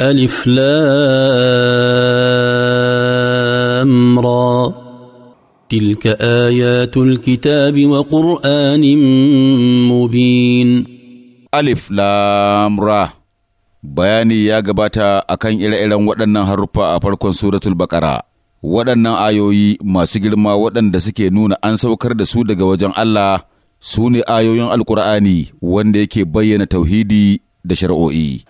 ألف لام را تلك آيات الكتاب وقرآن مبين ألف لام را bayani ya gabata akan ire-iren waɗannan haruffa a farkon suratul baƙara waɗannan ayoyi masu girma waɗanda suke nuna an saukar da su daga wajen Allah su ne ayoyin Alƙur'ani, wanda yake bayyana tauhidi da shari'o'i